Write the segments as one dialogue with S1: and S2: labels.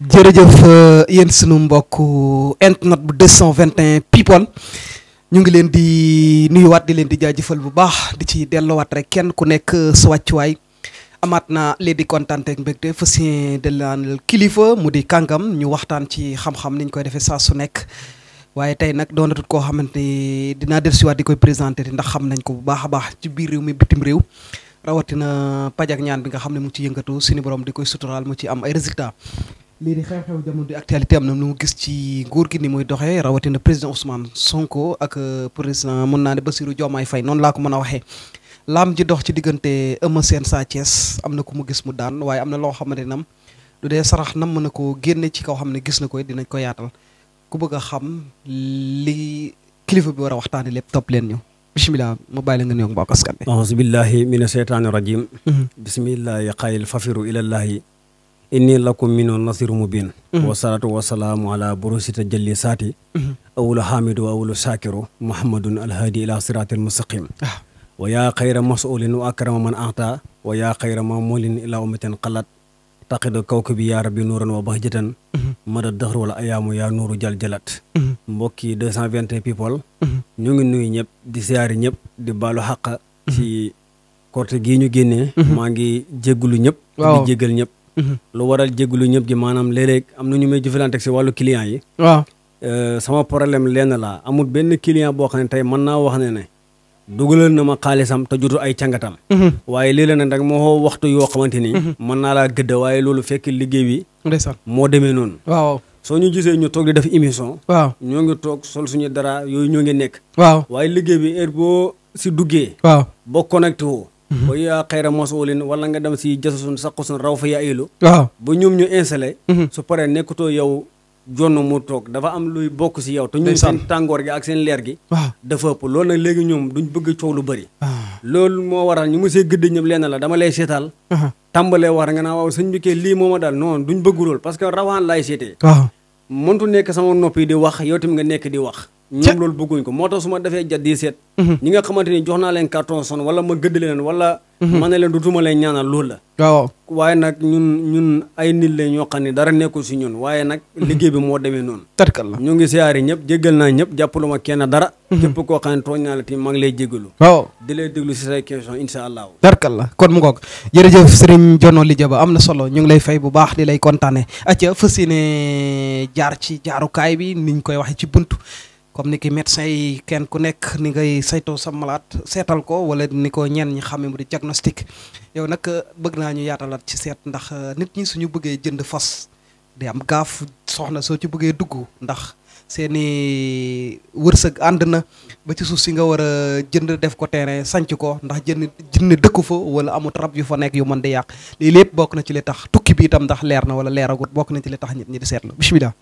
S1: jërëjëf euh, yéen sunu mbokk internet bu vingt 221 people ñu ngi leen di nuyuwaat di leen di jaajëfal bu baax di ci delloowaat rek kenn ku nekk euh, sa wàccuwaay amaat na leen di kontaan ak mbégte fas yéene delloo kilifa mu di kàngam ñu waxtaan ci xam-xam ni koy defee saa su nekk. waaye tey nag doonatut koo xamante ni dinaa def si waat di koy présenté ndax xam nañ ko bu baax a baax ci biir réew mi bitim réew. rawatina paj ak ñaan bi nga xam ne mu ci suñu borom di koy suturaal mu ci am ay résultats. lii di xew-xew jamono di actualité am na nu mu gis ci nguur gi ni muy doxe rawatina président Ousmane Sonko ak euh, président mën naa ne Bassirou Diomaye Faye noonu laa ko mën a waxee. laam ji dox ci diggante Eumeu seen Sa Thiès am na ku mu gis mu daan waaye am na loo xamante nam du dee sarax nam mën na ko génne ci kaw xam ne gis na ko dinañ ko yaatal ku bëgg a xam li
S2: kilifa bi war a waxtaanee lépp topp leen ñu bisimilah ma bàyyi la nga nuyoog mbokk askan bi. auzu billahi mina sheytaani inni lakum minu nasiru mubin mhm. wasalaatu wasalaamu ala borosita jëlli saati mhm. awlu hamidu wa awlu shakiru muhammadun alhaadi ila siraatil mustaqim ah. wa yaa xayra masulin wa akrama man ata wa yaa xayra mamulin ila umatin xalat taqidu kawkabi yaa rabbi nuuran wa bahjatan mhm. mada dëxër wala ayaamu yaa nuuru jal jalat mbokk yi 221 people ñu ngi nuyu ñëpp di siyaari ñëpp di baalu xaq ci korte gii ñu génnee maa ngi jéggulu ñëpp di lu waral jégalu ñëpp gi maanaam léeg-léeg am na ñu may jëflante ak si wàllu client yi. waaw euh, sama problème lenn laa amul benn client boo xam ne tey mën naa wax ne ne. dugalal na ma xaalisam te jotul ay càngatam. Mhm. waaye léeg-léeg nag nag moo waxtu yoo xamante ni. Mhm. mën naa laa gëdd waaye loolu fekk liggéey bi. moo demee noonu. waaw soo ñu gisee ñu toog di def émission. waaw ñoo ngi toog sol suñu dara yooyu ñoo ngi nekk. waaw waaye liggéey bi heure boo si duggee. waaw boo connecté Mm-hmm. wa yaa xayra masulin wala nga dem si jasusun saqusun raw fa yaa ilu waaw ba ñoom ñu installé mm-hmm. su paree nekkutoo yow jonn mu toog dafa am luy bokk si yow te ñoom seen tàngoor gi ak seen leer gi waaw dafa ëpp lool nag léegi ñoom duñ bëgg coow lu bëri lool moo waral ñu monsieur gëdd ñëpp lenn la dama lay seetaal tàmbalee war nga naa waaw sëñ bi kee lii mooma daal non duñ bëgg lool parce que rawaan laay seetee waaw mëntu nekk sama noppi di wax yow tamit nga nekk di wax ñoom loolu bëgguñ ko moo tax su ma defee jaddi seet mhm. ñi nga xamante ni jox naa leen carton son wala ma gëdd leen wala mhm. ma ne leen dutuma leen ñaanal loolu la waaw waaye nag ñun ñun ay nit la ñoo xam ne dara nekkul si ñun waaye nag mhm. liggéey bi moo demee noonu tarkal la ñu ngi siyaari ñëpp jéggal naa ñëpp jàppalu ma kenn dara képp koo xam ne tooñ naa la tamit maa ngi lay jéggalu waaw di lay déglu si say question insha allahu tarkal la
S1: kon mu ngoog jërëjëf sëriñ Jono Lidia Ba am na solo ñu ngi lay fay bu baax di lay kontaane acca fas yéene jaar ci jaarukaay bi niñ koy waxee ci buntu comme ni ki médecin yi kenn ku nekk ni ngay saytoo sa malaat seetal ko wala ni ko ñeen ñi xamee mu di diagnostic yow nag euh, bëgg naa ñu yaatalaat ci seet ndax euh, nit ñi suñu bëggee jënd fas di am gaaf soxna soo ci bëggee dugg ndax seeni wërsëg ànd na ba ci suuf si nga war a jënd def ko terrain sanc ko ndax jënd jënd dëkku fa wala amut rab yu fa nekk yu mën di yàq lii lépp bokk na ci li tax tukki bi itam ndax leer na wala leeragut bokk na ci
S2: li tax nit ñi di seetlu bisimilah.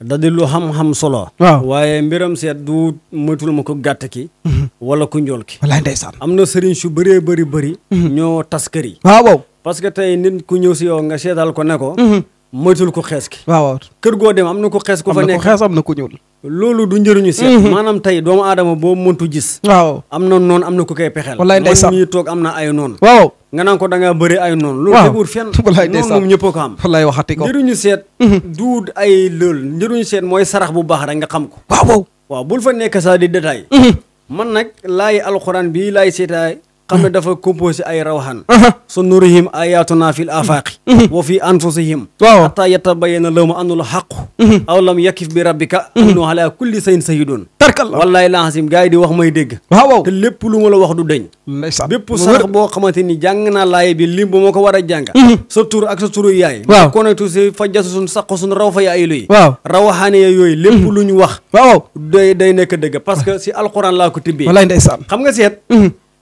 S2: da di lu xam-xam solo. waaw waaye mbiram seet du moytul ma ko gàtt ki. Mhm. wala ku njool ki. walaay am na sëriñ su bëree bëri bëri. Mhm. ñoo tas kër yi. waaw parce que tey nit ku ñëw si yow nga seetal ko ne ko. Mhm. moytul ko xees ki. waaw waaw kër goo dem am na ko xees. ko fa nekk na ku xees loolu du njëriñu seet. maanaam tey doomu adama boo mëntu gis. waaw am na noon am na ko koy pexeel. man mii toog am na ay noonu. nga naan ko da ngaa bëri ay noonu. loolu teguur fen noonu moom ñëpp ko am. wallaay waxati ko njëriñu seet. Mhm. duud ay loolu njëriñu seet mooy sarax bu baax rek nga xam ko. waaw waaw bul fa nekk saa di détail. Mhm. man nag laay alxuraan bii laay seetaay. xam ne dafa composé ay rawxaan su nurihim ayatuna fi uhuh. uhuh. wa fi anfusihim waaw hatta yatabayana lahum annul haqu uhuh. aw lam yakif bi rabbika annahu ala kulli shay'in shahidun tarkal wallahi lahasim gars yi di wax may dégg waaw la wax du deñ ndeysaan bépp sax boo xamante ni jàng naa laay bi lim bu moo ko a jàng sa tur ak sa turu yaay waaw konatu si fajjasu suñ saqo suñ raw fa ya ay luy lu ñu wax waaw day day nekk dëgg parce que xam nga seet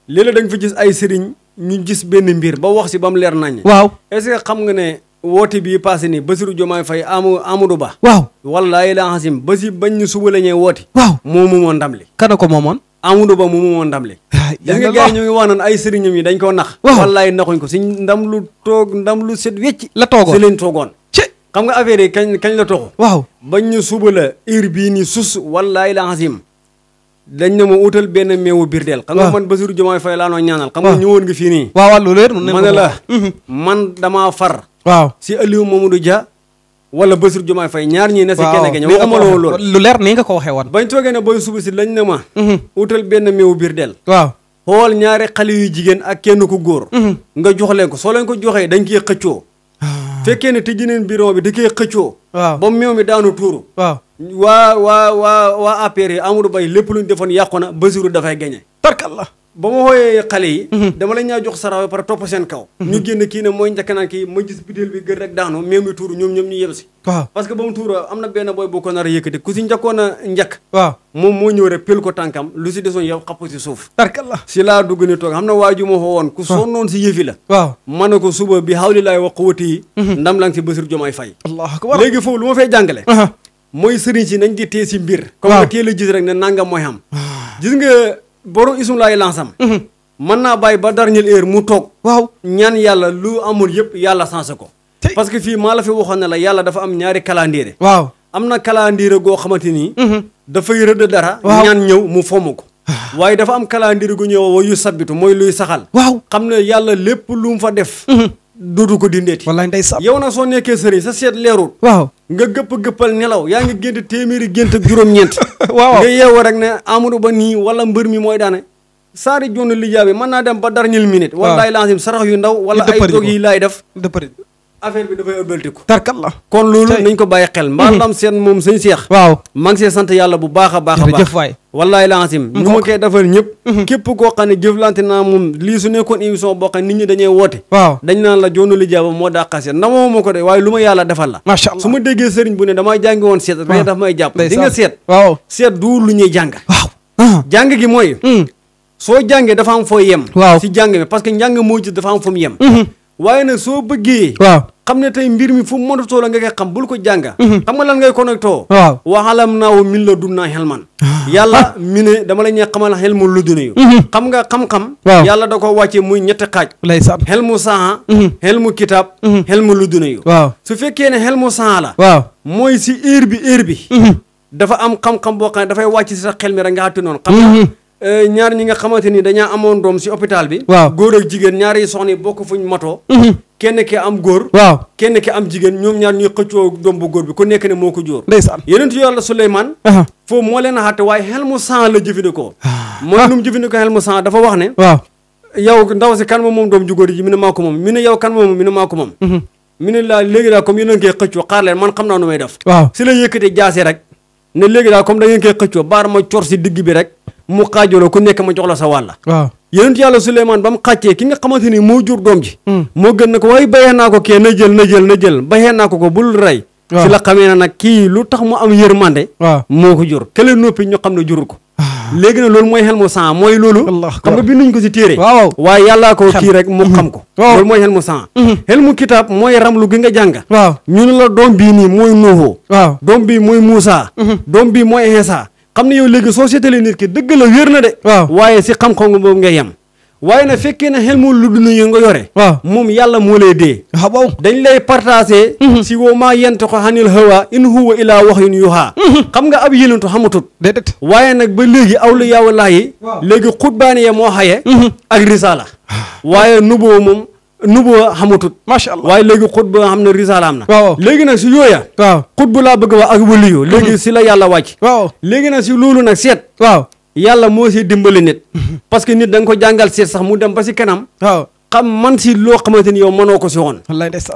S2: léeg dañ fa nga gis ay sëriñ ñu gis benn mbir ba wax si ba mu leer nañ waaw est xam nga ne wooti bii passé nii Bassirou Diomaye Faye amu Amadou Ba waaw wallaahi la xasim ba si bañ suba la ñuy woote waaw moo moomoon ndam li
S1: kana ko moomoon
S2: Amadou Ba mu moomoon ndam li ah, gis nga gars yi ñu ngi wax naan ay sëriñam yi dañ koo nax waaw wallaahi naxuñ ko si ndam lu toog ndam lu set wecc la toogoon si leen toogoon xam nga affaire yi kañ kañ la toxu waaw bañ ñu suba la heure bii nii sus wallaahi la xasim dañ ne ma utal benn meewu biir deel xam nga man Bassirou Diomaye Faye laa noo ñaanal xam nga ñëwoon nga fii nii waaw waaw loolu yëpp mhm. man damaa far waaw si Aliou Mamadou Dia wala Bassirou Diomaye Faye ñaar ñi ne si kenn gañ waxuma la woon lu leer nii nga ko waxee woon bañ toogee ne booy suba si lañ na ma mhm. utal benn meewu biir deel waaw xool ñaari xale yu jigéen ak kenn ku góor mhm. nga jox leen ko soo leen ko joxee dañ koy xëccoo ah. fekkee ne tëjji neen bureau bi da koy xëccoo ba meew mi daanu tuuru waaw waa waa waa waa APR yi Amadou Ba lépp lu ñu defoon yàqu na dafay gagné. tarkalla ba ma xooyee xale yi. Mhm. dama la ñaa jox saraw par topp seen kaw. Mhm. ñu mooy njëkk naa kii ñu yem si. waaw parce que ba mu tuuru am na benn booy boo ko nar a yëkkati ku si njëkkoon a moom moo ñëw rek pel ko tànkam lu si desoon yow xapp si suuf. tarkalla si laa dugg ni toog xam na waa ju woon. ku sonnoon si yëfi la. waaw ma ko suba bi hawlilaay wa quwwati yi. Mhm. ndam la nga si Bassirou Diomaye Faye. allahu léegi foofu lu ma fay jàngale. mooy sëriñ si nañ di tee si mbir. comme nga teel a gis rek ne nanga mooy am ah. gis nga borom isum laay lansam. man mhm. naa bàyyi ba dernière heure mu toog. waaw ñaan yàlla lu amul yëpp yàlla sensé ko. parce que fii maa la fi waxoon ne la yàlla dafa am ñaari calendrier. waaw am na calendrier goo xamante ni. Mhm. dafay rëdd dara. ñaan ñëw mu fomm ko. Ah. waaye dafa am calendrier gu ñëw wa yu sabitu mooy luy saxal. waaw xam ne yàlla lépp lu mu fa def. Mhm. dootu ko dindee wallaay ndey sa yow na soo nekkee sëriñ sa seet leerul waaw nga gëpp-gëppal nelaw yaa ngi gént téeméeri gént juróom-ñeent waaw nga yeewoo rek ne Amadou Ba nii wala mbër mi mooy daane saari joonu lijaabi mën naa dem ba dara dernière minute wallaay lancim sarax yu ndaw wala ay dog yi laay def affaire bi dafay ëlbatiku tarkal la kon loolu nañ ko bàyyi xel mbaalam seen moom sëñ seex waaw maa ngi sant yàlla bu baax a baax a baax waay wallaay laasim ñu ma koy defal ñëpp mhm. képp koo xam ne jëflante naa moom lii su nekkoon émission boo xam ne nit ñi woote waaw dañ naan la joonu li jaaba moo daqaa seet ndamoo ma ko de waaye lu ma yàlla defal la macha ma déggee sëriñ bu ne woon seet ree ah. may jàpp di nga seet waaw seet du ñuy jàng waaw ah. jàng gi mooy hmm. soo jàngee dafa am foo yem si jàng mi parce que njàng moo ci dafa am fu yem hmm. waaye nag soo bëggee. waaw xam ne tey mbir mi fu mu mënatoo la nga koy xam bul ko jànga mhm. xam nga lan ngay connectoo. waaw waxalam naaw min la dun naa xelman. yàlla mi ne dama la ñuy xamal xelmu luduna yu. Mhm. xam nga xam-xam. waaw yàlla da ko wàccee muy ñetti xaaj. lay sàmm xelmu saaha. Mhm. xelmu kitaab. xelmu luduna yu. waaw su fekkee ne xelmu saaha la. mooy si heure bi heure bi. dafa am xam-xam boo xam dafay wàcc si sa xel mi rek nga xatti noonu. xam nga Euh, ñaar ñi nga xamante ni dañaa amoon doom si hôpital bi. waaw góor ak jigéen ñaari soxna yi bokk fuñ matoo. Mhm. kenn ki am góor. waaw kenn ki am jigéen ñoom ñaar ñuy xëccoo doom bu góor bi ku nekk ne moo ko jóor. ndeysaan yeneen ci yàlla Souleymane. foofu moo leen a xàtte waaye xel mu sang la jëfandikoo. Ah. mooy lu ah. mu jëfandikoo xel sang dafa wax ne. waaw yow ndaw si kan moom moom doom ju góor ji mi ne maa ko moom ne yow kan moom mi ne maa ko moom. Mhm. ne laa léegi daal comme yéen koy xëccoo xaar leen xam naa nu may def. waaw si la yëkkate si digg bi rek mu xaajaloo ku nekk ma jox la sa wàlla waaw yonent yàlla Souleymane ba mu xàccee ki nga xamante ni moo jur doom ji mm. moo gën na ko waaye bayee naa ko kee na jël na jël na jël bayee naa ko ko bul rey si la xamee na nag kii lu tax mu am yërmande waaw moo ko jur kële noppi ñu xam ne jurul ko ah. léegi na loolu mooy xel mu saa mooy loolu xam nga binduñ ko si téere waaw waaye yàllaa ko kii rek mu xam mm-hmm. ko loolu mooy xel mu sant mm-hmm. xel mu kitaab mooy lu gi nga jàng waaw ñu ne la doom bii nii mooy Nuuhu waaw doom bii mooy Muusa mm-hmm. doom bii mooy Iisaa xam ne yow léegi société la nit ki dëgg la wér na de waaw waaye si xam-xam nga boobu nga yem waaye na fekkee ne xel mu lu dund ñu nga yore waaw moom yàlla moo lay dee ah, waaw dañ lay partagé mhm. si woo maa yent ko xanil hawa in huwa ilaa wax yun yuhaa mhm. xam nga ab yëlantu xamatut déedéet waaye nag ba léegi awlu yàlla yi léegi xutbaani ya moo xaye mhm. ak risaala ah. waaye nuboo moom nubuwa xamutut macha allah waaye léegi xutba xam ne risala am na léegi nag si yooya waaw xutba laa bëgg wax ak waliyu mm-hmm. léegi si la yàlla wàcc waaw léegi nag si loolu nag seet waaw yàlla moo si dimbali nit mm-hmm. parce que nit da nga ko jàngal seet sax mu dem ba si kanam waaw xam man si loo xamante ni yow mënoo ko si woon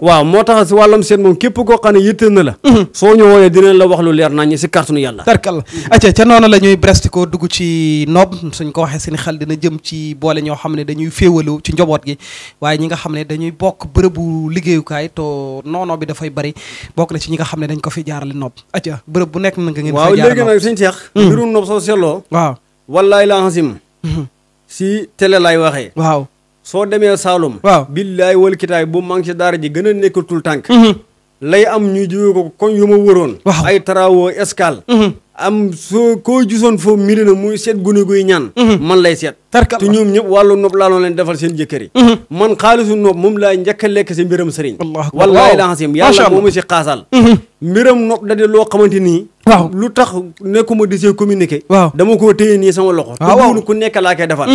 S2: waaw moo tax si wàllum seet moom képp koo xam ne yitte na la mhm. soo ñu woowee la wax lu leer nañ si kàttanu yàlla tarkal
S1: acca ca noonu la ñuy brest ko dugg ci noob suñ ko waxee seen xel dina jëm ci boole ñoo xam ne dañuy féewaloo ci njaboot gi waaye ñi nga xam ne dañuy bokk bërëbu liggéeyukaay too noonoo bi dafay bari bokk na ci ñi nga xam ne dañ ko fi jaarale noob acca bërëb bu nekk na nga ngeen waaw léegi nag suñ seex mhm. mbirum
S2: noob soo seetloo waaw wallaay la xasim mhm. si télé laay waxee waaw soo demee Saalum. waaw billaay wal kitaay bu manque daara ji gën a nekkatul tànk mhm. lay am ñuy jiwee ko koñ yu ma wëroon waaw ay tarawoo escale mhm. am soo koo gisoon foofu miri na muy seet gune guy ñaan mhm. man lay seet te ñoom ñëpp wàllu nopp laa noonu leen defal seen jëkkër yi man xaalisu nopp moom laa njëkk lekk si mbiram sëriñ wallaahi la xasim yàlla moomu si xaasal mbiram nopp da loo xamante nii lu tax nekkuma di see communiqué waaw dama koo téye nii sama loxo ah, te ku nekk laa koy defal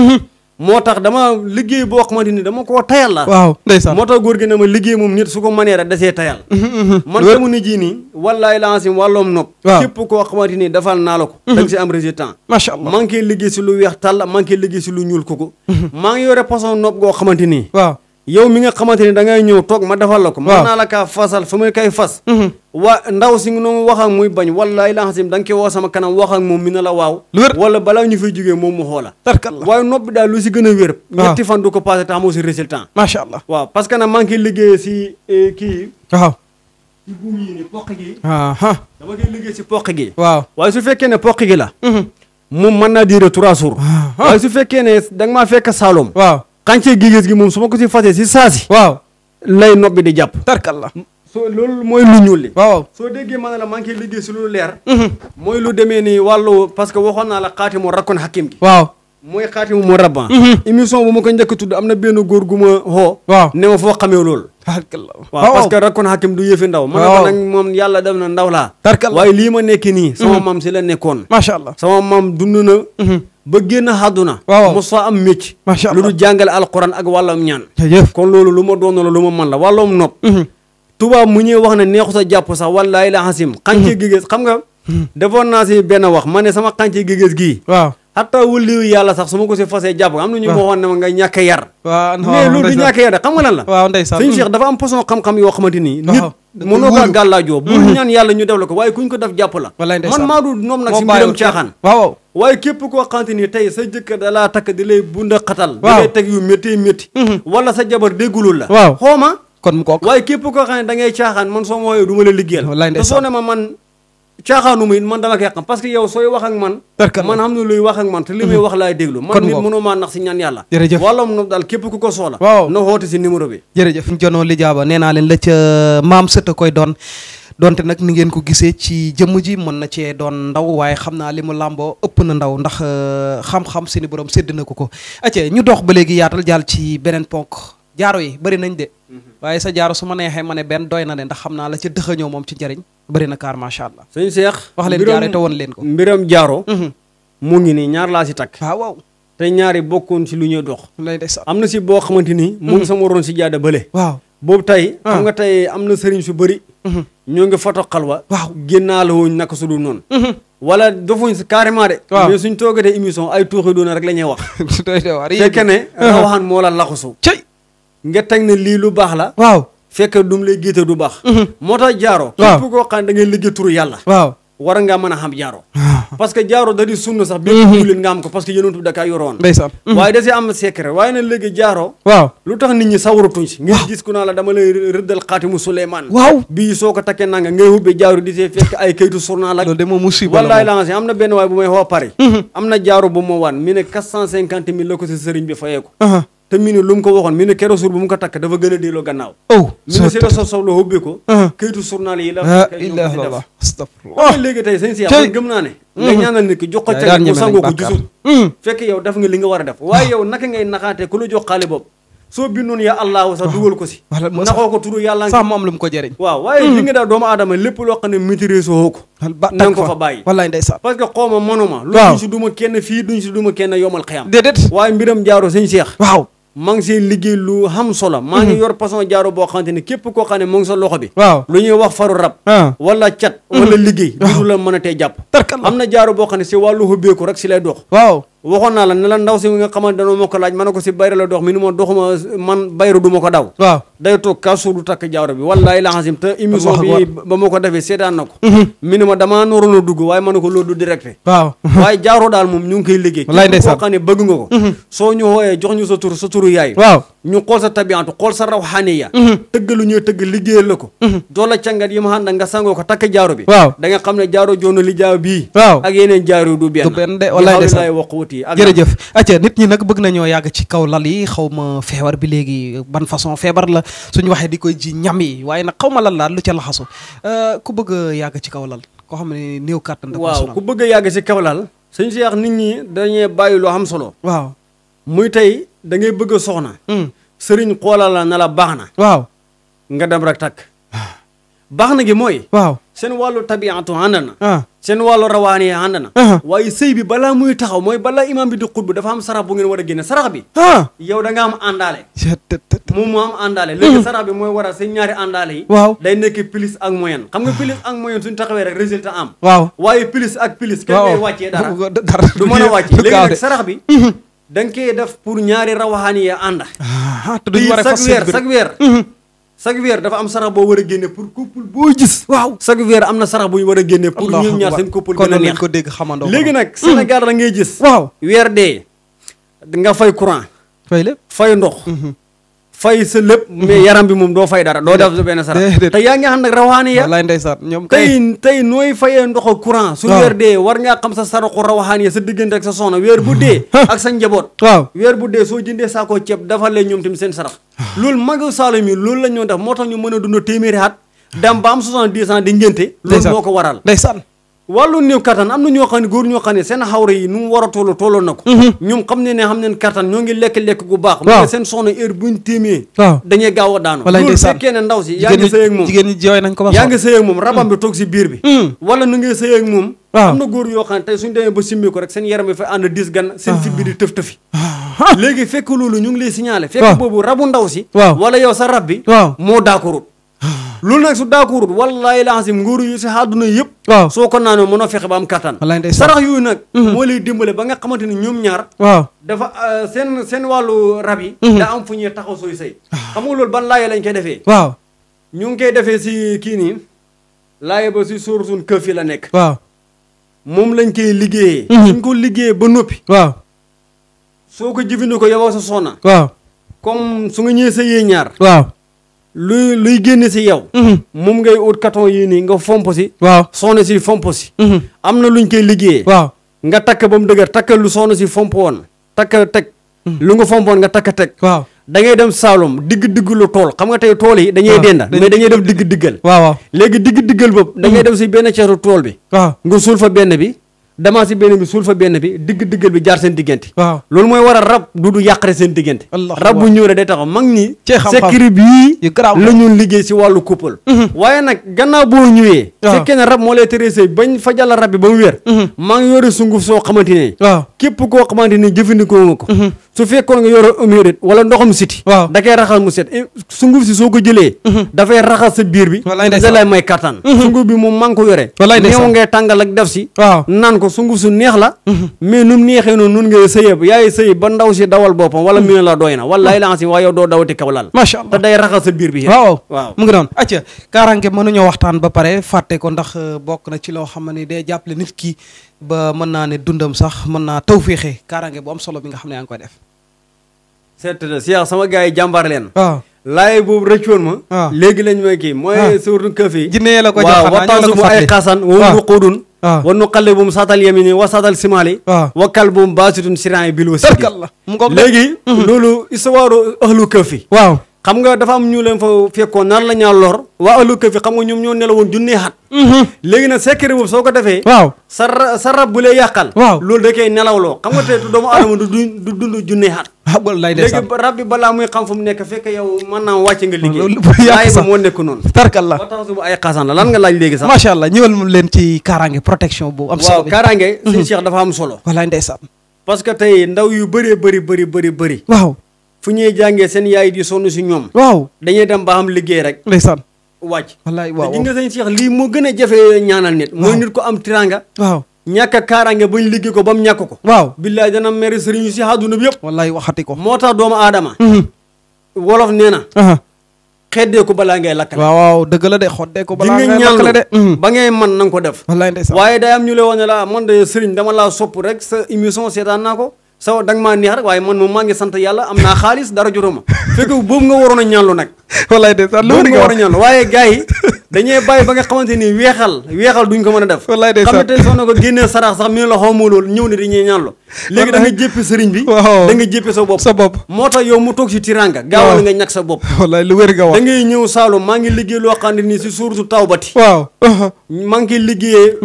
S2: moo tax dama liggéey boo xamante ni dama koo tayal la waaw ndeysaan moo tax góor gi ne ma liggéey moom nit su ko mënee rek dasee tayal mhm, mhm. man damu ni jii nii wallaay lancim wàlloom nopp waaw képp koo xamante ni naa la ko mhm. da nga si am résultat macha allah liggéey si lu weex tàll maa ngi koy liggéey si lu ñuul kuku maa ngi yore poson nopp goo xamante nii yow mi nga xamante ni da ngay ñëw toog ma defal la ko mën naa la kaa fasal fa ma kay fas mhm. waa ndaw si nga noonu wax ak muy bañ wallaay laa xasim da nga koy woo sama kanam wax ak moom mi na la waaw wala balaa ñu fay jógee moom mu xoola waaye noppi daal lu si gën a wér ñetti fan du ko passé te amoo si résultat macha allah waaw parce que nag maa ngi koy si eh, kii waaw ci buum gi dama koy liggéey si poq gi waaw waaye su fekkee ne poq gi la mhm. moom mën naa diire trois jours waaye su fekkee ne da nga fekk Saloum waaw xàncee gi gis gi moom su ma ko si fasee si saasi. waaw lay nopp bi di jàpp. tarkal la soo loolu mooy lu ñuul li. waaw soo déggee ma la maa ngi liggéey si lu leer. Mm-hmm. mooy lu demee ni wàllu parce que waxoon naa la xaati mu rakkoon hakim gi. waaw mooy xaati mu mu rabban. Mm-hmm. émission bu ma ko njëkk tudd am na benn góor gu ma xoo. waaw ma foo xamee loolu. tarkal waaw parce que du yëfi ndaw. ma moom yàlla dem na ndaw laa. tarkal waaye lii ma nekk nii. sama mm-hmm. maam si la nekkoon. macha allah sama maam dund na. ba génn àdduna waaw mos am mécc macha allah lu du jàngale alquran ak wàllam ñaan kon loolu lu ma doon la lu ma man la walla wàllum nopp mhm. tubaab mu ñëw wax ne neexu sa jàpp sax wallaahi la xasim mhm. xàncee gigées xam nga mhm. defoon naa si benn wax ma ne sama xàncee gigées gii waaw xataa wëliyu yàlla sax su ma ko si fasee jàpp am na ñu ma waxoon ne ma nga ñàkk yar mais loolu du yar de xam nga lan la waaw ndeysaan suñu cheikh dafa am façon xam-xam yoo xamante nii mënoo ko gàllaajoo bu mm-hmm. ñaan yàlla ñu def la ko waaye kuñ ko def jàpp la man maadu noom nag si mbiram caaxaan waaw waaye képp koo xamante ni tey sa jëkka da laa takk di lay bunda xatal di lay teg yu métti métti mm-hmm. wala sa jabar déggulul la waaw xooma kon mu ko waaye képp koo xam ne da ngay caaxaan man soo ma wooyee du ma la liggéeyal te soo ne ma man caaxaanuma it man dama koy parce que yow sooy wax ak man man xam ne luy wax ak man te li mhm. may wax laay déglu man nit mënoo maa nax si ñaan yàlla jërëjëf wàllum noonu daal képp ku ko soxla waaw na si numéro bi
S1: jërëjëf jonoo donte nag ni ngeen ko gisee ci jëmm ji mën na cee doon ndaw waaye xam naa li mu làmboo ëpp na ndaw ndax euh, xam-xam seeni borom sédd na ko ko acce ñu dox ba léegi yaatal jàll ci beneen ponk jaaro yi bëri nañ de mhm. waaye sa jaaro su ma neexee ma ne benn doy na de
S2: ndax xam naa la ca dëxañoo moom ci njariñ bari na kaar macha allah. sëñ Cheikh. wax leen ko mbiram jaaro. Mhm. mu ngi nii ñaar laa si takk. Ah, waaw te ñaari bokkoon si lu ñuy dox. lay des am na si boo xamante ni. mu ngi mhm. sama waroon si jaada bële. waaw boobu tay ah. xam nga tey am na sëriñ su bari mhm. ñoo ngi foto xalwa. waaw génnaala wuñ naka su dul noonu. wala defuñ si carrément de. waaw mais suñ toogatee émission ay tuuxi doona rek la ñuy wax. doy na waar yéen moo la laxasu. cay nga teg ne lii lu baax la. waaw. fekk du mu lay géete du baax. Mhm. moo tax jaaro. waaw képp koo xam ne parce que jaaro da sunna sax. bépp mhm. jullit nga am ko parce que yonent bi da a yoroon. ndeysaan mhm. waaye da see am secret lu tax nit ñi sawaratuñ si. waaw gis ku naa la dama lay rëddal xaatimu Suleymaan. waaw bii soo ko takkee nanga ngay hubbe jaaro di see fekk ay kayitu journal ak. loolu de moom am na benn waay na jaaro bu ma wan mi ne 450 mille la ko si sëriñ bi fayee ko. te mi ne lu mu ko waxoon mi ne keroog suur bu ko takk dafa gën a delloo gannaaw oh mi ne si la sof sof la hóbbee ko uh-huh. kayitu journal yi la ilaha astafurlah léegi tey sëñ si yàlla gëm naa ne mm-hmm. nga ñaanal nit ki jox ko ca mu sangoo ko gisul mm. yow def nga li nga war a def ah. waaye yow naka ngay naxaatee ku la jox xaale boobu soo bindoon yaa allahu sax ah. dugal ko si ko yàlla sax moom lu mu ko jëriñ waaw waaye mm. li daal doomu aadama lépp loo xam ne maîtrise woo ko nanga ko fa bàyyi wallaay ndeysaan parce que xawma manuma lu si duma kenn fii du si duma kenn yomal xiyam déedéet waaye mbiram jaaro sëñ Cheikh waaw maa ngi siy liggéey lu xam solo maa ngi mhm. yor façon jaaro boo xamante ne képp koo xam ne mu ngi sa loxo bi waaw lu ñuy wax faru rab ah. wala cat wala mhm. liggéey du ah. la mën a tee jàpp am na jaaro boo xam ne si wàllu hubbeeku rek si lay dox waaw waxoon naa la ne la ndaw si nga xamante danoo ma ko laaj ma ne ko si bayra la dox mi ni ma doxuma man bayra du ma ko daw waaw day toog kasu du takk jawra bi wallaay la xasim te émission bi ba ma ko defee seetaan na ko mhm. mi ni ma damaa naroon a dugg waaye ma ne ko loolu du directe waaw waaye jaaro daal moom ñu ngi koy liggéey koo xam ne bëgg nga ko mhm. soo ñu wooyee jox ñu sa tur yaay ñu xool sa tabiantu xool sa raw xaaniya mhm. tëgg lu ñuy tëgg liggéeyal la ko jox cangat yi ma nga sangoo ko takk jaaro bi waaw da ne jaaro joonu li ak yeneen jaaro du benn wallaay kii jërëjëf
S1: acca nit ñi nag bëgg nañoo yàgg ci kaw lal yi xaw ma feebar bi léegi ban façon feebar la suñ waxee di koy ji ñam yi waaye nag xaw ma lan laal lu ca laxasu euh, ku bëgg yàgg ci kaw lal koo xam ne néew kàttan waaw
S2: bëgg yàgg ci kaw lal suñu si nit ñi dañuy bàyyi loo am solo waaw muy tey dangay bëgg a soxna hmm. sëriñ xoolal la na la baax na waaw nga dem rek takk baax na gi mooy seen wàllu tabiatu ànd na ah. seen wàllu rawaani ànd na ah. waaye sëy bi balaa muy taxaw mooy balaa imaam bi di xutbu dafa am sarax bu ngeen war a génne sarax bi ah. yow da nga am àndaale moom mu am àndaale mm-hmm. léegi sarax bi mooy waral seen ñaari àndaale yi waaw day nekk plus ak moyenne xam nga plus ak moyenne suñu taxawee rek résultat am waaw waaye plus ak plus kenn day wàccee dara du mën a wàcce sarax bi mm-hmm. da nga koy def pour ñaari rawaani yi ànd te chaque weer chaque mm-hmm. weer chaque weer dafa am sarax boo war a génne pour couple boo gis waaw chaque weer am na sarax bu ñu war a génne pour ñun ñaar seen couple gën a neex ko dégg xamandoo léegi nag mm. Sénégal da ngay gis waaw weer dee nga fay courant fay lépp fay ndox mm-hmm. fay sa lépp mm-hmm. mais yaram bi moom doo fay dara doo def benn sarax te yaa ngi xam nag rawaani ya wallaay ndeysaan ñoom tey tey nooy fayee ndox ak courant su weer dee war ngaa xam sa saraxu rawaani ya sa diggante ak sa soxna weer bu dee ak sa njaboot waaw weer bu dee soo jëndee saako ceeb dafa leen ñoom tamit seen sarax loolu magu Saalum yi loolu la ñu def moo tax ñu mën a dund téeméeri at dem ba am 70 ans di ngénte loolu moo ko waral ndeysaan wàllu néew kattan am na ñoo xam ne góor ñoo xam ne seen xawra a tolloo tolloo na ko mhm. ñoom xam ne ne xam neen kattan ñoo ngi lekk-lekk gu baax mais seen soxna heure buñ téemee waaw dañuy gaaw a daanu loolu fekkee ne ndaw si yaa ngi sëy moom yaa ngi sëy moom mm. si biir bi mm. wala nu ngi sëy ak am na góor yoo xam suñ demee ba simmi ko rek seen yaram bi fa ànd dis seen ah. fit bi di tëf-tëfi ah. léegi fekk loolu ñu ngi si signaler. fekk boobu rabu ndaw si. waaw wala yow sa rab bi. waaw moo daakurut. loolu nag su daakurut laa la asim nguuru yu si àdduna yëpp. waaw soo ko naanoo mën a fexe ba am kattan. sarax yooyu nag. Mhm. moo lay dimbale ba nga xamante ni ñoom ñaar. waaw dafa euh, seen seen wàllu rab yi. Mhm. daa am fu ñuy taxaw sooy loolu ban laay lañ koy defee. waaw ñu ngi koy defee si kii nii laay ba si sóor suñ këf la nekk. waaw moom lañ koy liggéeyee. Mhm. suñ ko liggéeyee ba noppi. waaw soo ko jëfandikoo yow sa soxna. waaw comme su nga ñëwee sa yee ñaar. waaw luy luy génne si yow. Mm-hmm. moom ngay ut carton yii nii nga fomp si. waaw soxna si fomp si. Mm-hmm. am na luñ koy liggéeyee. waaw nga takk ba mu dëgër takk lu soxna si fomp woon takk teg. Mm-hmm. lu nga fompoon nga takk teg. waaw da ngay dem Saalum digg-digg lu tool xam nga tey tool yi dañuy denda mais dañuy def digg-diggal. waaw waaw léegi digg-diggal boobu. da ngay dem si benn ceeru tool bi. waaw nga suul fa benn bi. damaas si benn bi suul fa benn bi digg diggal bi jaar seen diggante waaw loolu mooy waral rab du du yàqare seen diggante rab bu ñëw rek day taxaw mag ñi secret bii la liggéey si wàllu couple mhm. waaye nag gannaaw boo ñëwee fekkee ne rab moo lay térésé bañ fa jàll rab bi ba mu wér mhm. maa ngi yore sunguf soo xamante ne képp koo xamante ne jëfandikoo nga ko mhm. su fekkoon nga yoro omérit wala ndoxum siti waaw da koy raxas mu set sunguf si soo ko jëlee mhm. dafay raxas sa biir bi da lay may kattan mhm. sunguf bi moom man ko yore néew ngay tàngal ak def si waaw naan ko sunguf su neex la mhm. mais nu mu neexee noonu nun ngay sëyeb yaay sëy ba ndaw si dawal boppam wala mu la doy na wala la si waa yow doo dawati kaw lal macha allah te day raxas sa biir bi waaw waaw mu ngi noonu acca kaaraange
S1: mënuñoo waxtaan ba pare fàtte ko ndax euh, bokk na ci loo xam ne day jàppale nit kii ba mën naa ne dundam sax mën naa tawféexe kaaraange bu am solo bi nga xam ne yaa ngi koy def c'est
S2: Cheikh sama gars yi jàmbaar leen waaw laay boobu rëccoon ma waaw léegi lañ may kii mooy surtout këf yi jinne la ko jox waaw waxtaan mu ay xasan wa nu quudun wa nu xale bu mu saatal yemini wa saatal simaali wa kal bu mu baasitun siran yi bil wa léegi mhm. loolu istuwaaru ahlu këf yi waaw xam nga dafa am ñu leen fa fekkoon nan la ñaa lor waa alu këfi xam nga ñoom ñoo nelawoon junnee xat mhm. léegi nag secret boobu soo ko defee waaw sa sa rab bu lay yàqal waaw loolu da nelaw loo xam nga tey doomu aadama du du dund junnee xat ah, wallaay léegi rab bi balaa muy xam fu mu nekk fekk yow mën naa wàcc nga liggéey laay ba moo nekk noonu tarkalla ba tax subu ay xaasaan lan nga laaj léegi sax macha
S1: allah ñëwal leen ci kaaraange protection boobu am solo waaw kaaraange seen mhm.
S2: cheikh dafa am solo wallaay ndeysaan parce que tey ndaw yu bëree bëri bëri bëri bëri waaw fu ñuy jàngee seen yaay di sonn si ñoom. waaw dañuy dem ba liggéey rek. ndeysaan wàcc. wallaay waaw te nga sëñ Cheikh lii moo gën a jafee ñaanal nit. mooy nit ko am tiranga. waaw ñàkk a kaaraange ba ñu liggéey ko ba mu ñàkk ko. waaw billaay dana mere sëriñ si àdduna bi yëpp. wallaay waxati ko. moo tax doomu aadama. Mhm. wolof nee na. xeddee ko balaa ngay lakkale. waaw dëgg la de xoddee ko balaa ngay lakkale de mhm. ba ngay man na ko def. wallaay ndeysaan waaye day am ñu lay wax ne la man de sëriñ dama laa sopp rek sa émission seetaan naa ko sawa da nga maa neex rek waaye man moom maa ngi sant yàlla am naa xaalis dara jotuma fekk boobu nga waroon a ñaanlu nag wallaay de sax loolu nga war a ñaanlu waaye gars yi dañuy bàyyi ba nga xamante ni ko mën a de sax xam ne tey soo na ko génnee sarax sax mi ne la xawma loolu léegi da nga jéppi sëriñ bi da jéppi sa bopp sa bopp moo tax yow mu toog si tiranga gaawal nga ñàkk sa bopp wallaay lu wér nga wax da ngay ñëw Saalum maa ngi liggéey loo xam ne nii si suuratu tawbati waaw maa ngi liggéeyee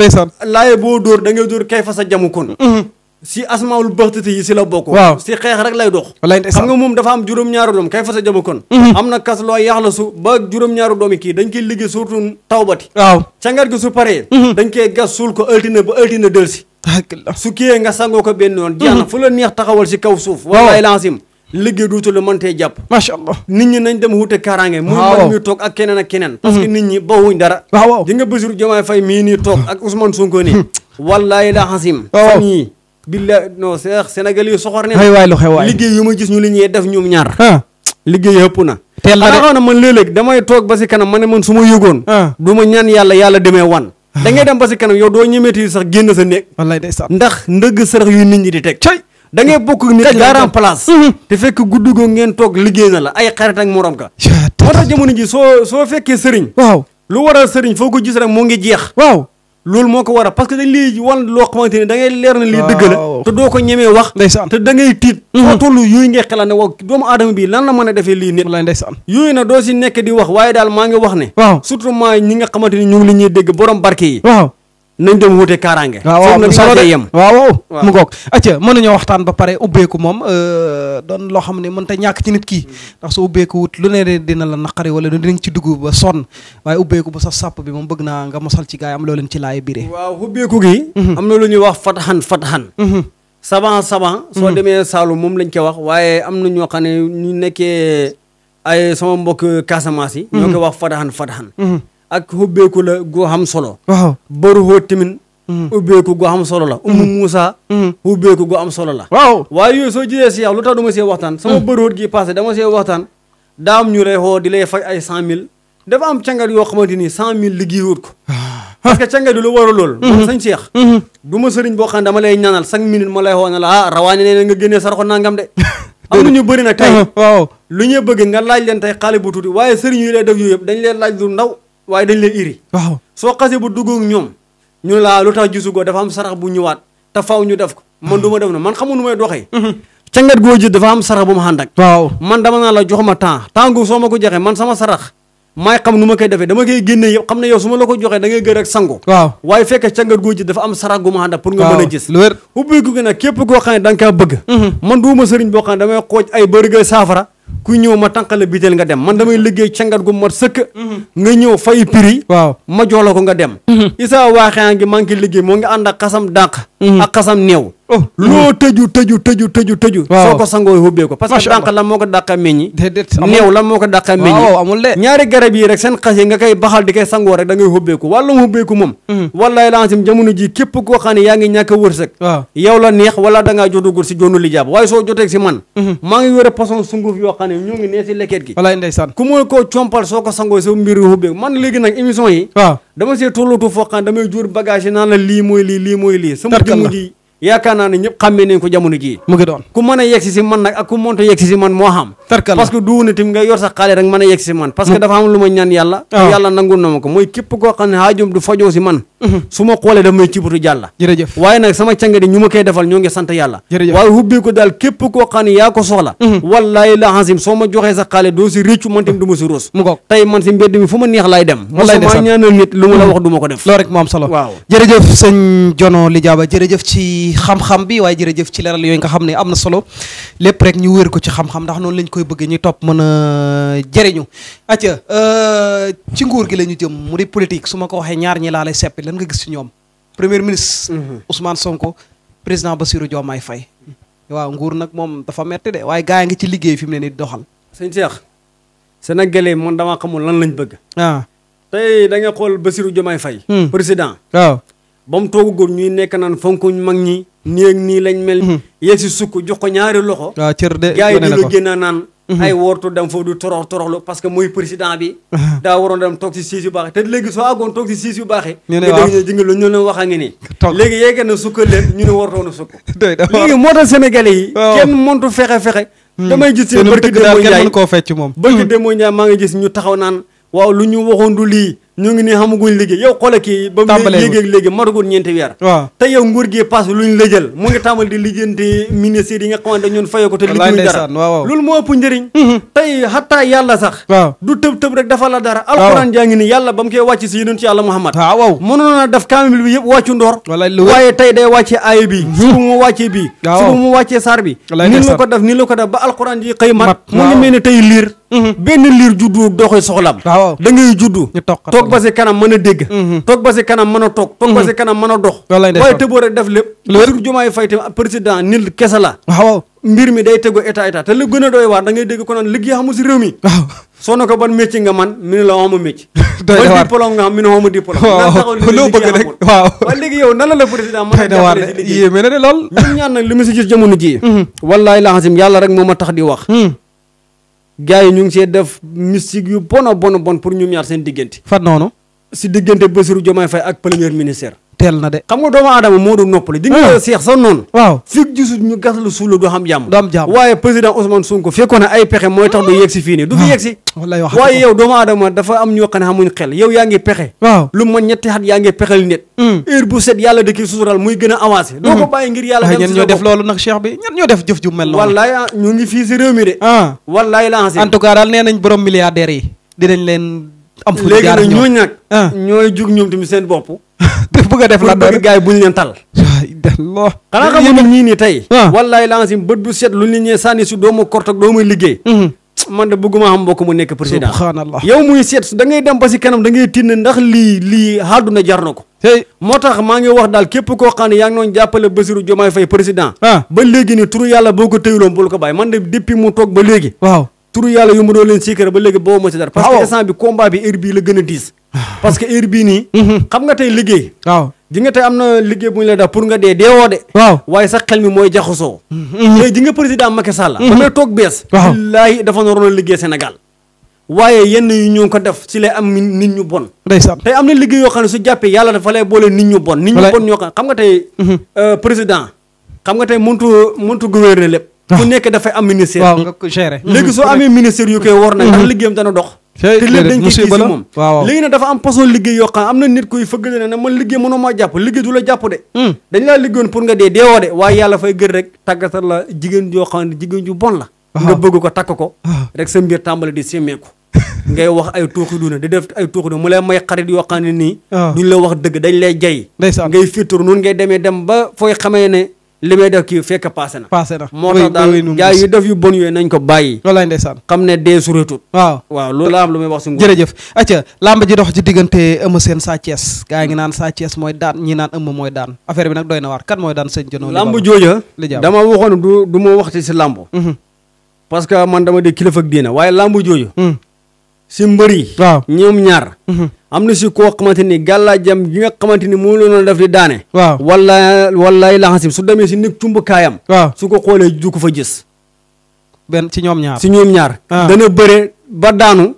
S2: laaye boo dóor da ngay dóor kay fa sa jamu kon mm-hmm. si asmaawul baxtati yi si la bokk waaw si xeex rek lay dox xam nga moom dafa am juróom-ñaaru doom kay fa sa kon mhm. am na kas loo yaaxla su ba juróom-ñaaru doomi kii dañ koy liggéey surtout tawbati mhm. ko altine ba altine delsi su kiyee nga sangoo ko benn yoon jeex na mhm. fu la neex taxawal si kaw suuf wallaay lancim liggéey duutu la mën tee jàpp macha allah nit ñi nañ dem wute kaaraange muy man mi toog ak keneen ak keneen parce que nit ñi ba wuñ dara waaw di nga Bassirou mii nii toog ak Ousmane Sonko billa non seex Sénégal yi soxor ne. liggéey yu ma gis ñu li ñuy def ñoom ñaar. Ah. liggéey ëpp na. teel na de man léeg damay toog ba si kanam ma ne man su ma yëgoon. Ah. du ma ñaan yàlla yàlla demee wan. Ah. dangay dem ba si kanam yow doo ñemeeti sax génn sa néeg. wallaay day sax ndax ndëgg sërëx yu nit ñi di teg. cay da ngay bokk nit garan place. Mm-hmm. te fekk guddi goo ngeen toog liggéey na la ay xarit ak morom ka. moo tax jamono ji soo soo fekkee sëriñ. waaw lu waral sëriñ foo ko gis rek moo ngi jeex. waaw loolu moo ko waral parce que dañ lay wan loo xamante ni da ngay leer na lii dëgg la te doo ko ñemee wax ndeysaan te da ngay tiit foo mhm. toll yooyu ngay xalaat ne waaw doomu aadama bi lan la mën a defee lii nit wallaay ndeysaan yooyu nag doo si nekk di wax waaye daal maa ngi wax ne waaw surtout maa ñi nga xamante ni ñu ngi li ñuy dégg borom barke yi waaw nañ dem wuute kaaraange. waaw waaw solo de yem waaw
S1: mu ngoog acca mën nañoo waxtaan ba pare ubbeeku moom euh, doon loo xam ne mën ta ñàkk ci nit kii mm-hmm. ndax su ubbeeku wut lu ne dina la naqari wala dinañ ci dugg ba sonn waaye ubbeeku
S2: ba sa sàpp bi moom bëgg naa nga mosal ci gaay am loo leen ci laay biree waaw ubbeeku gi mm-hmm. am na lu ñuy wax fatxan fatxan mm-hmm. saban saban soo demee Saalum moom lañ koy wax waaye am na ñoo xam ne ñu nekkee ay sama mbokk Casamance yi ñoo koy wax fatxan fatxan ak ubbeeku la goo xam solo waaw baru xóot tamit mm-hmm. ubbeeku goo am solo la umu Moussa mm-hmm. mm-hmm. ubbeeku goo am solo la waaw waaye yooyu soo jëlee si yow lu tax du ma see waxtaan sama baru xóot gi passé dama see waxtaan daam mille dafa am cangat yoo xamante ni cent mille liggéeyut ko ah. parce que cangat yi lu war a lool moom sañ seex du ma sëriñ boo xam ne dama lay ñaanal cinq minutes ma lay xoo ne la ah rawaane nee nga génnee saraxo nangam de am na ñu bëri nag tey lu ñuy bëgg nga laaj leen tey xaalis tuuti waaye sëriñ yi lay def yooyu yëpp dañ leen laaj lu ndaw waaye dañ leen iri. soo xasee bu dugg ak ñoom ñu ne laa lu tax gisu ko dafa am sarax bu ñëwaat te faaw ñu def ko man hmm. du ma def na man xamul nu may doxee. Hmm. cangat goo ji dafa am sarax bu ma ànd waaw man dama naa la jox ma temps temps soo ma ko joxee man sama sarax. maay xam nu ma koy defee dama koy génne yëpp xam ne yow su ma la ko joxee da ngay gër ak sango waaw waaye fekk cangat goo ji dafa am sarax gu ma ànd ak pour nga mën a gis ubbi ko nag képp koo xam ne da nga kaa bëgg hmm. man duuma sëriñ boo xam ne damay xooj ay bërigay saafara ku ñëw ma tànqale biteel nga dem man damay liggéey cangat gu mat sëkk nga ñëw fay prix waaw ma jox la ko nga dem mhm. isaa waaxee ngi maa ngi liggéey moo ngi ànd ak xasam dàq Mhm. ak xasam néew oh, loo mhm. tëju tëju tëju tëju tëju soo ko sangoo hubbee ko parce que dànq la moo ko dàqa meññi néew la moo ko dàqa meññi amul de yi rek seen yi hubbeeku mhm. a man a léegi nag émission yi dama see tollutu foo xam damay jur bagage yi naan la lii mooy lii lii mooy lii fi mu ngi yaakaar naa ne ñëpp xàmmee nañ ko jamono jii mu ngi doon ku mën a yegsi si man nag ak ku mënta yegsi si man moo xam parce que duuna tim nga yor sa xaalis rek mën a yegsi si man parce que dafa am lu ma ñaan yàlla ah. yàlla nangul na ko mooy képp koo xam ne haajum du fajoo si man Mhm. su ma xoolee daf may cibutu jàlla jërëjëf waaye nag sama cànga di ñu ma koy defal ñoo ngi sant yàlla waaye hubbi ko daal képp koo yaa ko soxla mhm. wallaay la hasim sa xaale doo si réccu man tamit du ma ko tey man si mbedd mi fu ma neex laay dem mosuma ñaanal nit lu ma solo
S1: xam-xam bi waaye jërëjëf ci leral yooyu nga xam ne am na solo lépp rek ñu wér ko ci xam-xam ndax noonu lañ koy bëgg ñu topp mën a jëriñu acca euh, ci nguur gi la ñu jëm mu di politique su ma ko waxee ñaar ñi laa lay seppi lan nga gis ci ñoom premier ministre mhm. Ousmane Sonko président Bassirou Diomaye Faye waaw nguur nag moom dafa metti de waaye gaa yi ngi ci liggéey fi mu ne nii
S2: doxal sëñ Cheikh Sénégalais moom damaa xamul lan lañ bëgg ah tey da nga xool Bassirou Diomaye Faye hmm. président ah. ba mu toogugoon ñuy nekk naan fonk mag ñi nii ak nii lañ mel hmm. yee sukk jox ko ñaari loxo waaw ah, cër de gaa yi dina génn naan Mm-hmm. ay wortu dem foofu du torox toroxlu parce que mooy président bi daa waroon dem toog si siis yu baax te léegi soo àggoon toog si siis yu baax yi ñu wax a ngi nii léegi yeegee na sukkal moo tax sénégalais yi kenn mëntu fexe-fexe hmm. damay gis seen barki démb Njaay koo fecc moom barki hmm. démb Njaay maa ngi gis ñu taxaw naan waaw lu ñu waxoon du lii ñoo ngi nii xamaguñ liggéey yow xoola kii ba mu léegi léegi matagul ñeenti weer waaw te yow nguur gi pass luñ la jël mu ngi tàmbali di liggéeyante ministère yi nga xamante ñun fayoo ko mhm. yàlla sax waaw du tëb tëb rek dafa la dara alxuraan jaa ngi yàlla ba mu koy wàcc si yonent ci yàlla Muhammad ah, waaw mënoon na def kaamil bi yëpp wàccu ndoor waaye tey day wàccee aaya bi mhm. suba mu wàccee bii ah, suba wàccee saar bi nii la ko def nii la ba alxuraan ji xëy mat mu ngi ah, mel ne tey liir mhm. benn liir juddu doxee soxlam da ngay juddu toog ba si kanam mën a dégg mhm. toog ba si kanam mën a toog toog ba mhm. si kanam mën a dox waaye tëboo rek def lépp Bassirou Diomaye Faye tamit président nil kese la waaw mbir mi day a doy xamul si réew mi soo na ko ban nga man mi ne la xamu métier ba diplôme nga xam mi ne xamu diplôme loo bëgg rek waaw waaw léegi yow nan la la président mën a jàppale si liggéey yéeme na de lool ñun ñaan nag li mu si gis jamono ji mhm. wallaay laa xasim yàlla rek moo ma tax di wax gars yi ñu ngi see def mystique yu bon a bon pour ñu ñaar seen diggante. fat noonu. si diggante Bassirou Diomaye Faye ak premier ministre. teel na de xam nga doomu aadama moo doon noppali di nga ah. seex sa noonu waaw fig gisul ñu gas la suula du xam jàmm du am jàmm waaye président Ousmane Sonko fekkoon ne ay pexe mooy tax du yegg si fii nii du fi ah. yegg wallaay am ñoo yow yaa ngi pexe waaw lu ma ñetti at yaa ngi pexel nit hmm. heure bu set yàlla da koy sutural muy hmm. bi ñen ñoo def jëf ju mel noonu wallaay ah, ñu ngi fii si réew mi de ah
S1: wallaay la en tout cas daal nee nañ borom milliardaires yi dinañ leen am fu léegi nag
S2: nag ñooy jug ñoom tamit seen bopp bëgg a def lan bëgg gars yi a leen tal Allah bu set lu nit ñee sànni su doomu kort ak doomu liggéey mhm. man de bëgguma mu nekk président subhanallah yow muy seet da dem ba si kanam da ngay tinne ndax lii lii àdduna jar na ko moo tax maa ngi wax daal képp koo xam ne ah. ba léegi ni turu yàlla boo ko tëyuloon bul ko bàyyi man de depuis mu toog ba léegi waaw turu yàlla yu mu doon leen siikar ba léegi boo ma si dara parce que instant bi combat bi heure bii la gën a diis parce que heure bii nii. Mhm. xam nga tey liggéey. waaw ji nga tey am na liggéey bu ñu la def pour nga dee deewoo de. waaw waaye sax xel mi mooy jaxasoo. Mhm. tey ji nga président Macky Sall. ba mhm. toog bees. waaw dafa naroon liggéey Sénégal. waaye yenn yu ñu ko def si lay am nit ñu bon. ndeysaan tey am na liggéey yoo xam ne su jàppee yàlla dafa lay boole nit ñu bon. nit ñu bon ñoo xam xam nga tey. Euh, président xam nga tey mëntu mëntu gouverner lépp. Ah. ku nekk dafay am ministère. waaw
S1: nga léegi soo
S2: amee ministère yu koy war na ndax liggéeyam dana dox te lépp dañ koy kii si moom waaw léegi nag dafa am façon liggéey yoo xam am na nit kuy fëggale ne ne man liggéey mënoo maa jàpp liggéey du la jàpp de hmm. dañ laa liggéeyoon pour nga dee deewoo de waaye yàlla fay gër rek tàggatal la jigéen yoo xam ne jigéen ju bon la nga bëgg ko takk ko rek sa mbir tàmbali di simmeeku ngay wax ay tuuxi duna di def ay tuuxi duna mu lay may xarit yoo xam nii duñ la wax dëgg dañ lay jay ngay fiitur noonu ngay demee dem ba fooy xamee ne li may def kii fekk paase na. paase na moo tax daal gars yu def yu bon yooyu nañ ko bàyyi. loolu laa am lu may wax si. jërëjëf acca làmb ji dox ci diggante
S1: Eumeu Sène Sa Thiès gars ngi naan Sa Thiès mooy daan ñi naan Eumeu mooy daan affaire bi nag doy na waar kan mooy daan sëñ
S2: Jono. làmb jooja dama waxoon du du ma waxti si làmb. Mhm. parce que man dama dee kilifa ak diina waaye làmb jooju. Mhm. si mbër yi. waaw ñoom ñaar. Mhm. am na si koo xamante ni gàllaajam gi nga xamante ni moom la doon def di daane. waaw wala wala laxasim su demee si nekk cumbukaayam. waaw su ko xoolee du ko fa gis. benn si ñoom ñaar si ñoom ñaar. Ah. dana bëre ba daanu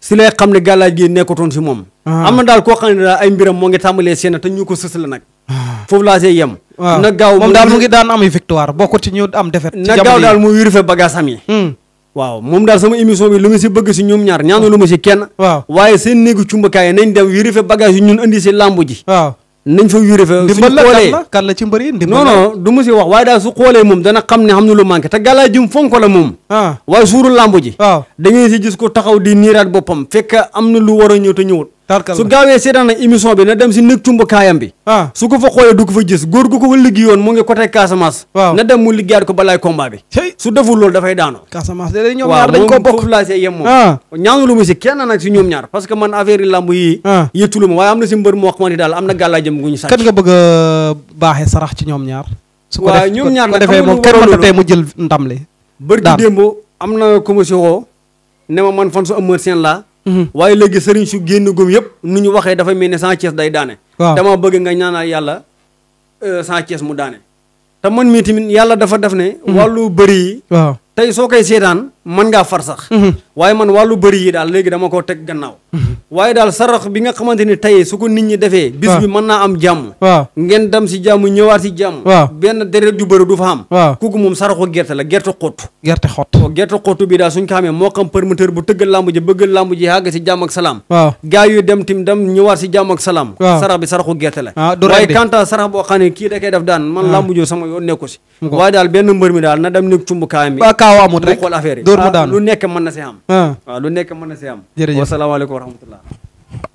S2: si lay xam ne gàllaaj gi nekkatoon si moom. Ah. am na daal koo xam ne daal ay mbiram moo ngi tàmbalee seen te ñu ko sës la nag. Ah. laa see yem. waaw na moom daal mu ngi daan am victoire bokkut ci ñu am défaite. ci jamono na gaaw daal mu yurife bagaasam yi. Hmm. waaw moom daal sama émission bi lu ma si bëgg si ñoom ñaar ñaanu lu ma si kenn waaw waaye seen néegu cumbukaay nañ dem yurife bagage yi ñun indi si làmb ji waaw nañ fa yurife ndimbal la kan la kan la ci mbëri ndimbal non non du ma si wax waaye daal su xoolee moom dana xam ne xam na lu manqué te gàllaa jëm fonko la moom ah. waaye suuru làmb ji waaw da ngeen si gis ko taxaw di niiraat boppam fekk am na lu war a ñëw te ñëwut su gaawee seetaan nag émission bi na dem si nekk tumba kaayam bi ah. su ko fa xoolee du ko fa gis góor gu ko liggéeyoon mu ngi côté Casamance na dem mu liggéeyaat ko balaay combat bi su deful loolu dafay daanu Casamance ah. parce que man affaire ah. na si mbër moo xamante daal a
S1: baaxee sarax ci ñoom ñaar
S2: su ko ñoom ñaar nag defee am na commission woo ne ma man fan su Eumeu Sène la Mm-hmm. waaye léegi sëriñ su génn góom yëpp nu ñu waxee dafa mel ni Sa Thiès day daane dama bëgg nga ñaanal yàlla euh, Sa Thiès mu daane te man mii tamit yàlla dafa def ne mm-hmm. wàllu bëri yi tey soo koy seetaan man ngaa far sax mhm. waaye man wàllu bëri yi daal léegi dama koo teg gannaaw mhm. waaye daal sarax bi nga xamante ni tey su ko nit ñi defee bis bi mën naa am jàmm waaw ngeen dem si jàmm ñëwaat si jàmm waaw benn deret ju bëri du fa am waaw kooku moom saraxu gerte la gerte xottu gerte xott gerte xottu bi daal suñ moo xam promoteur bu tëggal lamb ji bëggal lamb ji àgg si jàmm ak salaam waaw gars dem tim dem ñëwaat si jàmm ak salaam sarax bi saraxu gerte la ah, waaye kanta sarax boo xam ne kii da koy daan man ah. lamb sama yoon nekku si waaye daal benn mbër mi daal na dem nekk cumb kaayam bi xool affaire dóor mu daanu lu nekk mën na si am. Ah. waaw lu nekk mën na si am. jërëjëf wasalaamaaleykum wa rahmatullah